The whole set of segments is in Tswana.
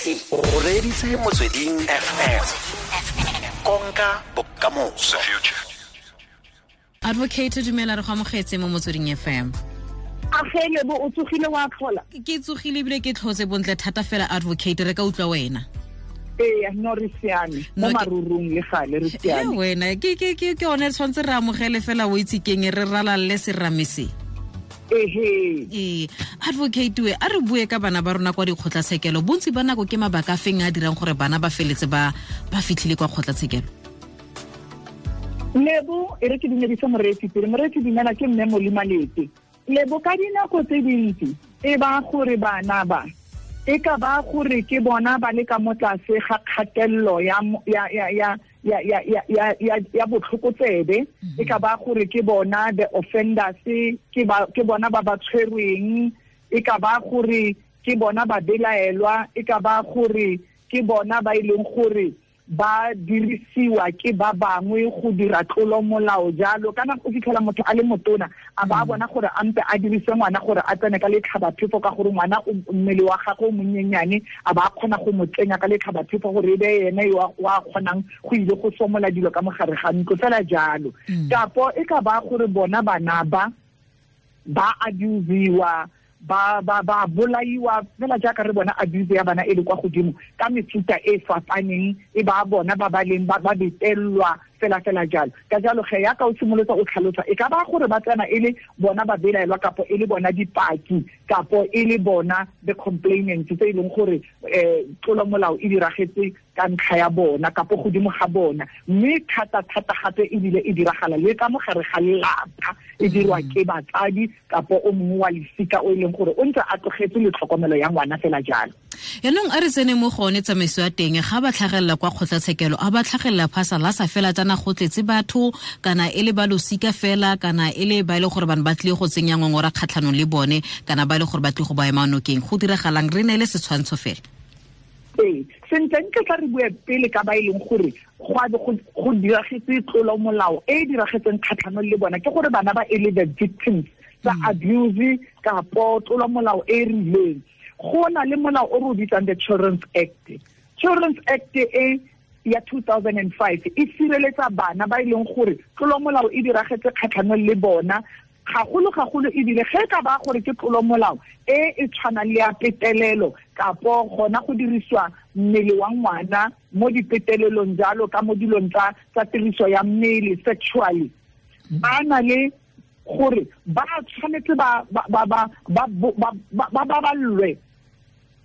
tshedimosetso o reditse motsweding fm konka bokamoso advocate dumela re go amogetse mo motsweding fm bo ke tsogile ebile ke tlhotse bontle thata fela advocate re ka utlwa wena ee no wena ke one re amogele fela o itse re ralalle serame ee advocate we a re bue ka bana ba rona kwa dikgotlatshekelo bontsi ba nako ke mabaka a feng a dirang gore bana ba feletse ba fitlhile kwa kgotlatshekelo lebo e re ke dumedise moreetsi pele moreetsi dumela ke mme molimalete lebo ka dinako tse dintsi e ba gore bana ba e ka ba gore ke bona ba le ka mo tlase ga kgatelelo ya ya ya ya ya ya botlhokotsebe e ka ba gore ke bona the offenders ke ba ke bona ba ba tshwerweng e ka ba gore ke bona ba belaelwa e ka ba gore ke bona ba ileng e gore ba dirisiwa ke ba bangwe go dira tlolo molao jalo kana o fitlhela motho a le motona a ba a bona gore a mpe a dirise ngwana gore a tsene ka letlhabaphefo ka gore ngwana mmele wa gagwe o monyenyane a ba a kgona go mo tsenya ka letlhabaphefo gore e be ene yo a kgonang go ile go somola dilo ka mogare ga ntlo fela jalo mm. kapo e ka ba gore bona bana ba ba abusiwa ba ba ba bolaiwa fela jaaka re bona abuse ya bana e le kwa godimo ka mefuta e fapaneng e ba bona ba ba leng ba betelwa fela fela jalo ka jalo ge ya ka o simolotsa o tlhalosa e ka ba gore ba tsena e le bona ba belaelwa kapo e le bona dipaki kapo e le bona the complainant tse e leng gore um tlolomolao e diragetse ka ntlha ya bona kapo godimo ga bona mme thata-thata gape ebile e diragala le ka mogare ga lelapa e dirwa mm. ke batsadi kapo o mongwe wa lesika o e leng gore o ntse a tlogetse le ya ngwana fela jalo yaanong a re tsene mo go one tsamaiso ya teng ga ba tlhagelela kwa kgotlatshekelo a ba tlhagelela phasa la sa fela tsana go tletse batho kana e le ba losika fela kana e le ba e le gore bane ba tlile go tsenya ngongora kgatlhanong le bone kana ba e le gore ba tlile go baya nokeng go diragalang re ne le setshwantsho fela ee sentle ntle tla re bue pele ka ba e leng gore go diragetse tlolo molao e e diragetseng kgatlhanong le bona ke gore bana ba e le the victims tsa mm. abuse kapo tlolo molao e e rileng go na le molao o re o bitsang the children's act children's act e ya 2005 e sireletsa bana ba e leng gore tlolomolao e diragetse kgatlhanong le bona gagolo-gagolo ebile ge ka ba gore ke tlolomolao e e tshwanang le ya petelelo kapo gona go dirisiwa mmele wa ngwana mo dipetelelong jalo ka mo dilong tsa tiriso ya mmele sexually ba na le gore ba tshwanetse ba ba ba ba ba ba ba ba ba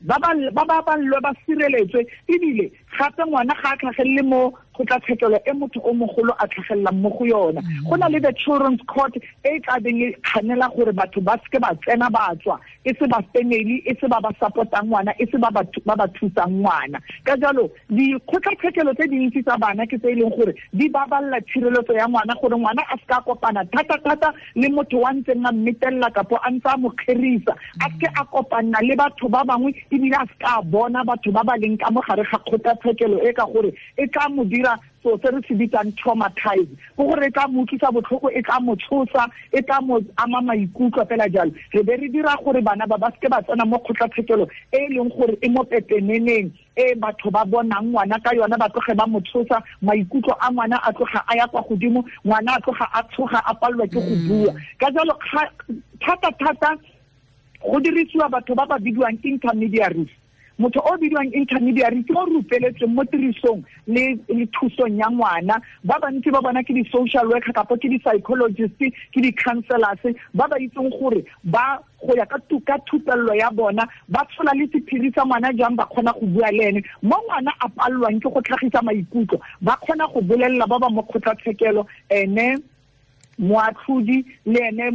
ba ba ba ba lwa ba sireletswe ebile gape ngwana ga a tlhagelele mo kgotlatshekelo e motho o mogolo a tlhagelelang mo go yona mm-hmm. go na le the children's court e tla beng e kganela gore batho ba seke ba tsena ba tswa e se ba family e se ba ba support-ang ngwana e se ba ba thusang ngwana ka jalo dikgotlatshekelo tse dintsi tsa bana ke tse e leng gore di babalela tshireletso ya ngwana gore ngwana a seka kopana thata-thata le motho wa ntseng a mmetelela kapo a ntse a mo kgerisa a seke a kopanna le batho ba bangwe ebile a seka a bona batho ba ba leng ka mogare ga kgotlatshekelo e ka gore e tla mo dira so se re se bitsang traumatize ke gore e tla mo utlwisa botlhoko e tla motshosa e ka mo ama maikutlo fela jalo re be re dira gore bana ba ba seke ba tsena mo kgotlatshekelo e e leng gore e mo pepeneneng e batho ba bonang ngwana ka yona ba tloge ba motshosa maikutlo a ngwana a tloga a ya kwa godimo ngwana a tloga a tshoga a palelwa ke go mm. bua ka jalo thata-thata go dirisiwa batho ba ba bidiwang intermediaries motho o bidiwang intermediary ke o rupeletsweng mo tirisong le thusong ya ngwana ba bantsi ba bona ke di-social worker kapo ke di-psychologist ke di-councelors ba ba itseng gore ba go ya ka ka thupello ya bona ba tshola le sephiri sa ngwana jang ba kgona go bua le ene mo ngwana a palelwang ke go tlhagisa maikutlo ba kgona go bolelela ba ba mo kgotlatshekelo ene moatlhodi le ene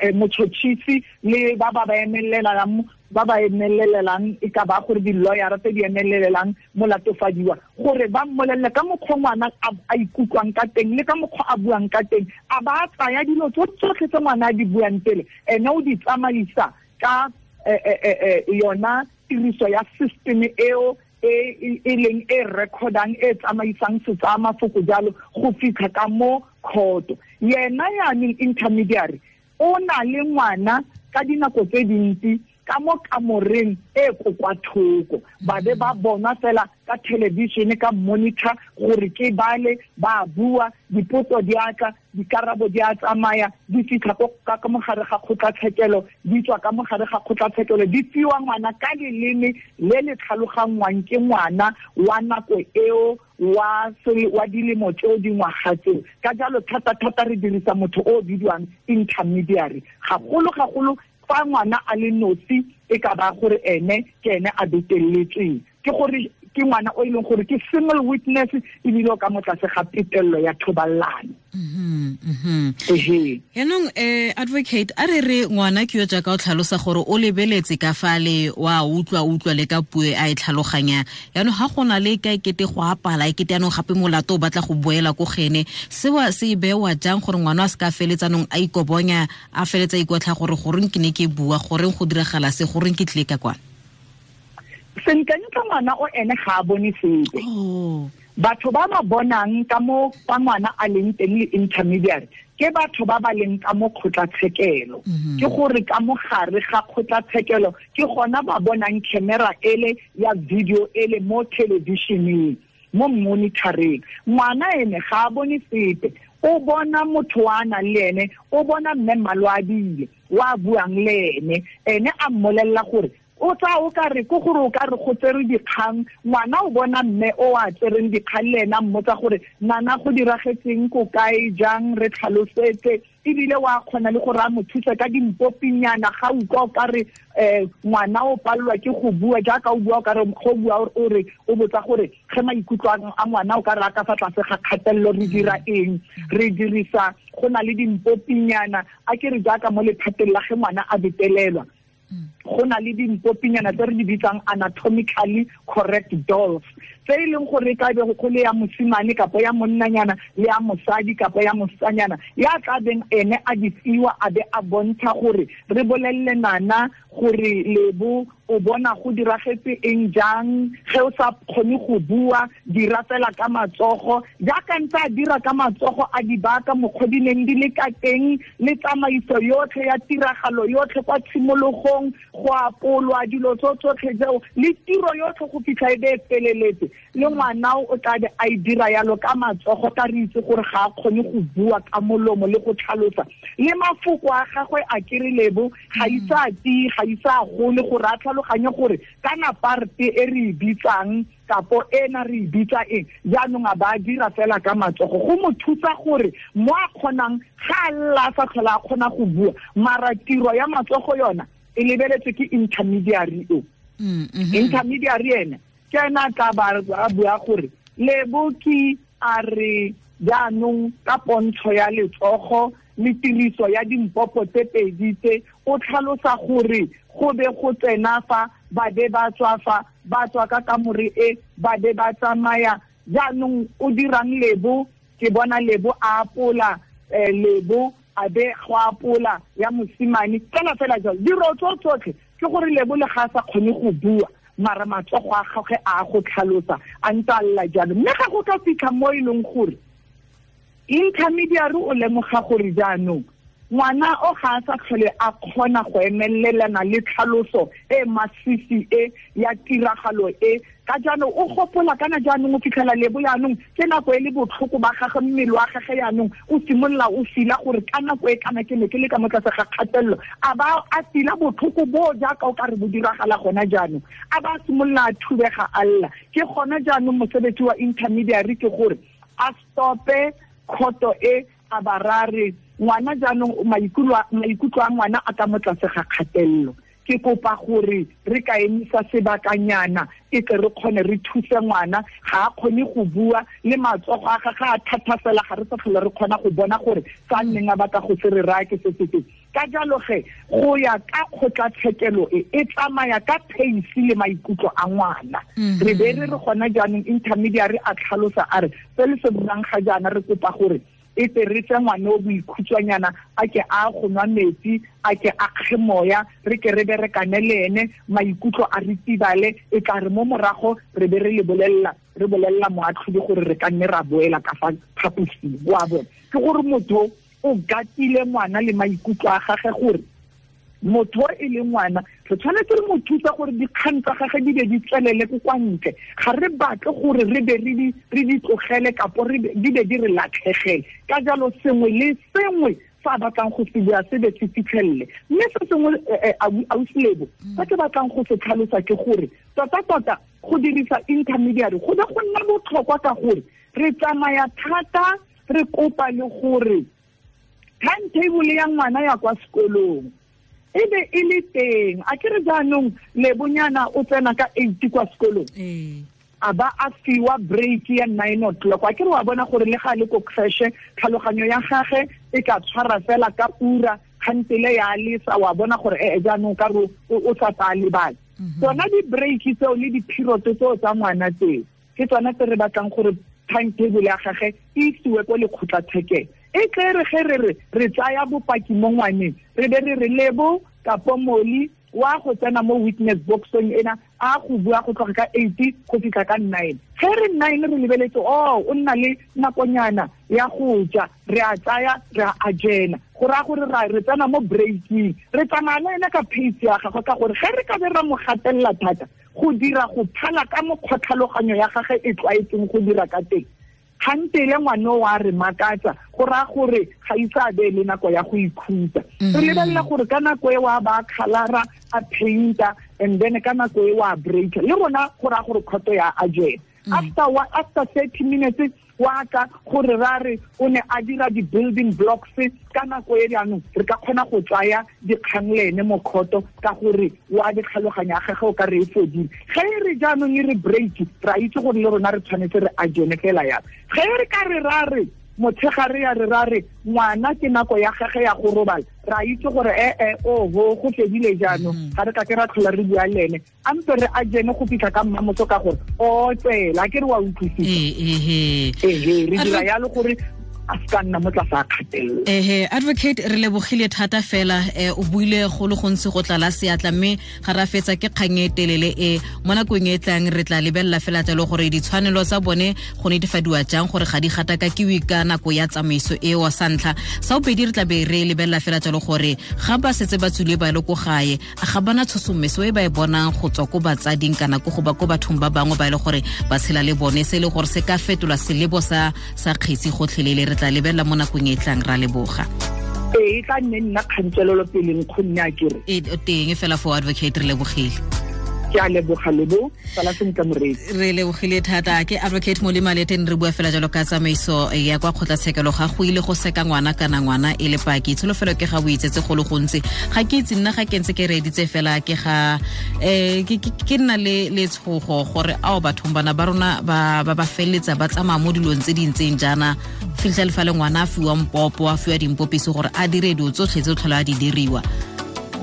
eh, motšhotšhisi le ba ba ba emelelelang ba ba emelelelang e ka ba gore di-lawyera tse di emelelelang molatofadiwa gore ba mmolelele ka mokgwa ngwana a ikutlwang ka teng le ka mokgwa a buang ka teng a ba tsaya dilo tsotlhe tse ngwana a di buang pele ene o di tsamaisa ka eh, eh, yona tiriso ya system eo e, e, e leng e recordang e tsamaisang setsaya mafoko jalo go fitlha ka mo khoto yena yane intermediary o na le ngwana ka dinako tse dintsi ka mo kamoreng e ko kwa thoko ba be ba bona fela ka thelebišene ka monitor gore ke bale ba bua dipoto di atla dikarabo di a tsamaya di fitlha ka mogare ga kgotlatshekelo di tswa ka mogare ga kgotlatshekelo di fiwa ngwana ka leleme le le tlhaloganngwang ke ngwana wa nako eo wa wa dilemo tseo dingwaga tseo ka jalo thata-thata re dirisa motho o bidiwang intermediary gagolo-gagolo fa ngwana a le nosi e ka ba gore ene ke ene a beteletsweng ke gore ke ngwana o ileng e gore ke single witness ebile o ka mo tlase ga petelelo ya thobalelano mm-hmm, mm-hmm. yaanong um eh, advocate a re re ngwana ke yo jaaka o tlhalosa gore o lebeletse ka fa le wa utlwa utlwa le ka puo e a e tlhaloganya yaanong ga go na le ka ekete go apala e ekete yaanong gape molato o batla go boela ko gene seo se e bewa jang gore ngwana a se ka feletsanong a ikobonya a feletsa ikotlha gore goreng ke ne ke bua goreng go diragala se goreng ke tlile ka kwana senkane ka ngwana o ene ga a bone sepe oh. batho ba ba bonang ka mo kwa ngwana a leng teng le intermediate ke batho ba ba leng ka mo kgotlatshekelo mhm. ke gore ka mogare ga kgotlatshekelo ke gona ba bonang camera ele ya video ele mo thelebišeneng mo monitoring ngwana ene ga a bone sepe o bona motho wa a le ene o bona mme mmalwa a bile wa buang le ene ene a mmolelela gore o tla o ka re ko gore o ka re go tsere dikgang ngwana o bona mme o a tsereng dikgang le ena mmotsa gore nana go diragetseng ko kae jang re tlhalosetse ebile wa kgona le gore a mo thuse ka dimpopinyana ga utlwa o ka re um ngwana o palelwa ke go bua jaaka o bua o kare go bua o re o botsa gore ge maikutlo a ngwana o ka re a ka fa tlase ga kgatelelo re dira eng re dirisa go na le dimpopinyana a ke re jaaka mo lephateng la ge ngwana a betelelwa go na le dimpopinyana tse re di bitsang anatomically correct dolls tse e leng gore ka e be go le ya mosimane kapo ya monnanyana le ya mosadi kapo ya mosanyana ya tla beng ene a di fiwa a be a bontsha gore re bolelele nana gore lebo o bona go diragetse eng jang ge o sa kgone go bua dira fela ka matsogo jaaka ntse a dira ka matsogo a di baka mokgodi di le ka teng le tsamaiso yotlhe ya tiragalo yotlhe kwa tshimologong go apolwa dilo tso tsotlhe tseo le tiro yotlhe go fitlha e be e feleletse le ngwanao o tlabe a e dira yalo ka matsogo ka re itse gore ga a kgone go bua ka molomo le go tlhalosa le mafoko a gagwe a kerelebo ga mm. isa a tii ga isa a gole gore a tlhaloganye gore kana parte e re e bitsang kapo ena re e bitsa eng jaanong a ba dira fela ka matsogo go mo thusa gore mo a kgonang ga a lla a sa tlhola a kgona go bua mara tiro ya matsogo yona e lebeletse ke intermediary o mm-hmm. intermediary ene ke ena a tla a bua gore leboki a re jaanong ka pontsho ya letsogo le tiriso ya dimpopo tse pedi tse o tlhalosa gore go be go tsena fa ba be ba tswa fa ba tswa ka kamore e ba be ba tsamaya jaanong o dirang lebo ke bona lebo a apola eh, lebo a be go apola ya mosimane fela fela jalo diro tso tsotlhe ke gore lebo le ga sa kgone go bua mara matsogo a gagwe a go tlhalosa a ntse a lla jalo mme ga go ka fitlha mo e leng gore intermediary o lemoga gore jaanong ngwana o ga a sa tlhole a kgona go emelelana le tlhaloso e masisi e ya tiragalo e ka jaanong o gopola kana jaanong o fitlhela lebo yaanong ke nako e le botlhoko ba gage mmele wa gage yaanong o simolola o fila gore ka nako e kana ke ne ke le ka mo tlase ga kgatelelo a ba a sila botlhoko boo jaaka o ka re bo diragala gona jaanong a ba a simolola a thubega a lla ke gona jaanong mosebetsi wa intermediary ke gore a stope khoto e a barare ngwana jaanong maikutlo a ngwana a ka mo tlase ga kgatelelo ke kopa gore re ka emisa sebakanyana e tle re kgone re thuse ngwana ga a kgone go bua le matsogo a ga ga a thathafela ga re sa tlhole re kgona go bona gore sa nneng a batla go se re raya ke se sefe ka jalo ge go ya ka kgotlatshekelo e e tsamaya ka pace le maikutlo a ngwana mm-hmm. re be re re gona jaanong intermediary a tlhalosa a re se le se bonang ga jaana re kopa gore e tse re fe ngwane o boikhutshwanyana a ke a go nwa metsi a ke a kge moya re ke re berekane le ene maikutlo a re tibale e tla re mo morago re be re le bolelela re bolelela moatlhodi gore re ka nne ra boela ka fa phaposing wa bone ke gore motho o gatile ngwana le maikutlo a gage gore motho o e le ngwana re tshwanetse re mo thusa gore dikgang tsa gage di be di tswelele ko kwa ntle ga re batle gore re be re di tlogele kapo di be di re latlhegele ka jalo sengwe le sengwe fa a batlang go se bua se be se fitlhelele mme se sengwe eh, eh, ausilebo se ke batlang go se tlhalosa ke gore tota-tota go dirisa intermediary go be go nna botlhokwa ka gore re tsamaya thata re kopa le gore timetable ya ngwana ya kwa sekolong e be e le teng a ke re jaanong lebonyana o tsena ka eighty kwa sekolong ee. a ba a fiwa break ya nine o'clock a ke re wa bona gore le ga le ko crashe tlhaloganyo ya gage e ka tshwara fela ka ura kgantele ya lesa wa bona gore ee jaanong ka re o sa tsaya lebale mhm. tsona di-break tseo le diphiroto tseo tsa ngwana tseo ke tsona tse re batlang gore timetable ya gage e isiwe ko lekgotlatshekelo e tle re ge re re re tsaya bopaki mo ngwaneng re be re re lebo kapo moli wa go tsena mo witness boxong ena a go bua go tloga ka eighty go fitlha ka nine ge re nine re lebeletse o oh, o nna le nakonyana ya go ja re a tsaya re a ajena go raya gore re tsena mo breaking re tsamaya le ene ka pace ya gagwe ka gore ge re ka be ra mo gatelela thata go dira go phala ka mokgotlhaloganyo ya gage e tlwaetseng go dira ka teng gantele ngwane wa re makatsa go raya gore ga isa e a bee le nako ya go ikhutsa re mm-hmm. lebelela gore ka nako e wa ba kgalara a painter and then ka nako e wa breaker le rona go raya gore kgoto ya ajela mm. after thirty minutes wa ka gore ra re o ne a dira di-building blocks ka nako e jaanong re ka kgona go tsaya dikgang le ene mokgoto ka gore wa ditlhaloganya a gage o ka re e fodile ge e re jaanong e re break a itse gore le rona re tshwanetse re a jone fela jalo ge e re ka re ra re motshegare ya re ra re ngwana ke nako ya gage ya go robala ra itse gore e eh, ee eh, oho go fedile jaanong mm-hmm. ga re ka ke ra tlhola re bua le ene a mpe re a jene go fitlha ka mmamotso ka gore o tsela ke re wa utlwisisa ee, ee, ee. ee re dira yalo gore a se nna mo tlasa kgatelelo ehe advocate re lebogile thata fela um o buile go le gontsi go tlala seatla mme ga ra fetsa ke kgang e, e telele e mo nakong e, e tlang re tla lebelela fela jalo gore ditshwanelo tsa bone go netefadiwa jang gore ga di gata ka kewe ka nako ya tsamaiso eo sa ntlha sa bobedi re tla be re lebelela fela jalo gore ga ba setse ba tswile ba le ko gae a ga bana tshosomeso e ba e bonang go tswa ko batsading kana ko go ba ko bathong ba bangwe ba e le gore ba tshela le bone se e le gore se ka fetolwa selebo sa kgetsi gotlhelele re tla lebelela mo nakong e e tlang ra leboga ee e tla nne nna kgantswelelo peleng kgonne a kere e, teng e fela for advocate re lebogile re lebogile thata ke advocate mo lemaleteng re bua fela jalo ka tsamaiso ya kwa kgotlatshekelo ga go ile go seka ngwana kana ngwana e le paki tsholofelo ke ga boitsetse go le gontsi ga ke itse nna ga ke ntse ke reeditse fela ke ga um ke nna le tshogo gore ao bathong bana ba rona ba ba feleletsa ba tsamaya mo dilong tse dintseng jaana fitlha lefa le ngwana a fiwa mpopo a fiwa dimpopiso gore a dire dilo tsotlhetse o tlhola a di diriwa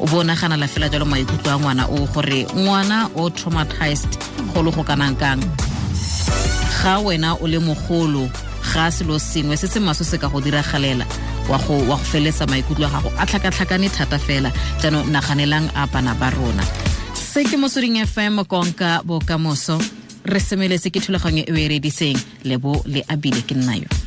o bo naganala fela jalo maikutlo a ngwana o gore ngwana o traumatized go le go kanang kang ga wena o le mogolo ga selo sengwe se se maso se ka go diragalela wa go wa go feletsa maikutlo a gago a tlhakatlhakane thata fela jaanong naganelang a bana ba rona se ke mosoding fm konka bokamoso re semeletse ke thulaganyo e o e le lebo le abile ke nna yo